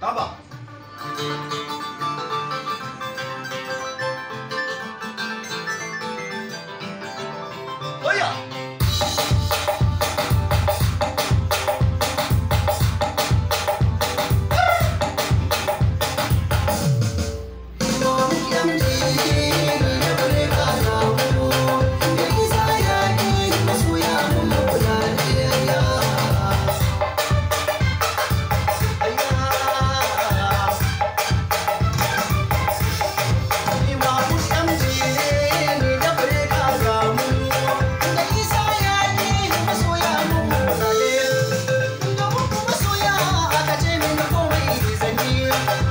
打吧！哎呀！Thank you.